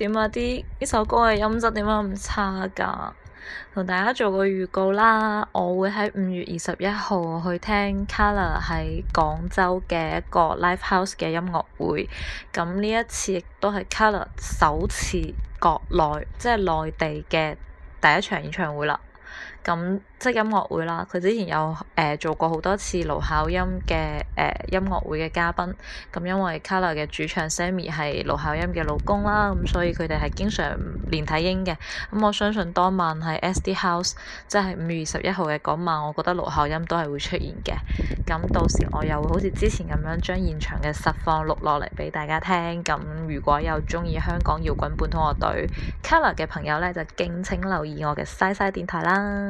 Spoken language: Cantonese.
點啊！啲呢首歌嘅音質點解咁差㗎？同大家做個預告啦，我會喺五月二十一號去聽 Kolor 喺廣州嘅一個 live house 嘅音樂會。咁呢一次亦都係 Kolor 首次國內，即係內地嘅第一場演唱會啦。咁即係音樂會啦。佢之前有誒、呃、做過好多次盧巧音嘅誒、呃、音樂會嘅嘉賓，咁因為 Kolor 嘅主唱 Sammy 係盧巧音嘅老公啦，咁所以佢哋係經常連體嬰嘅。咁我相信當晚係 S D House，即係五月十一號嘅嗰晚，我覺得盧巧音都係會出現嘅。咁到時我又會好似之前咁樣將現場嘅實況錄落嚟俾大家聽，咁如果有鍾意香港搖滾本土樂隊 Kolor 嘅朋友咧，就敬請留意我嘅西西電台啦。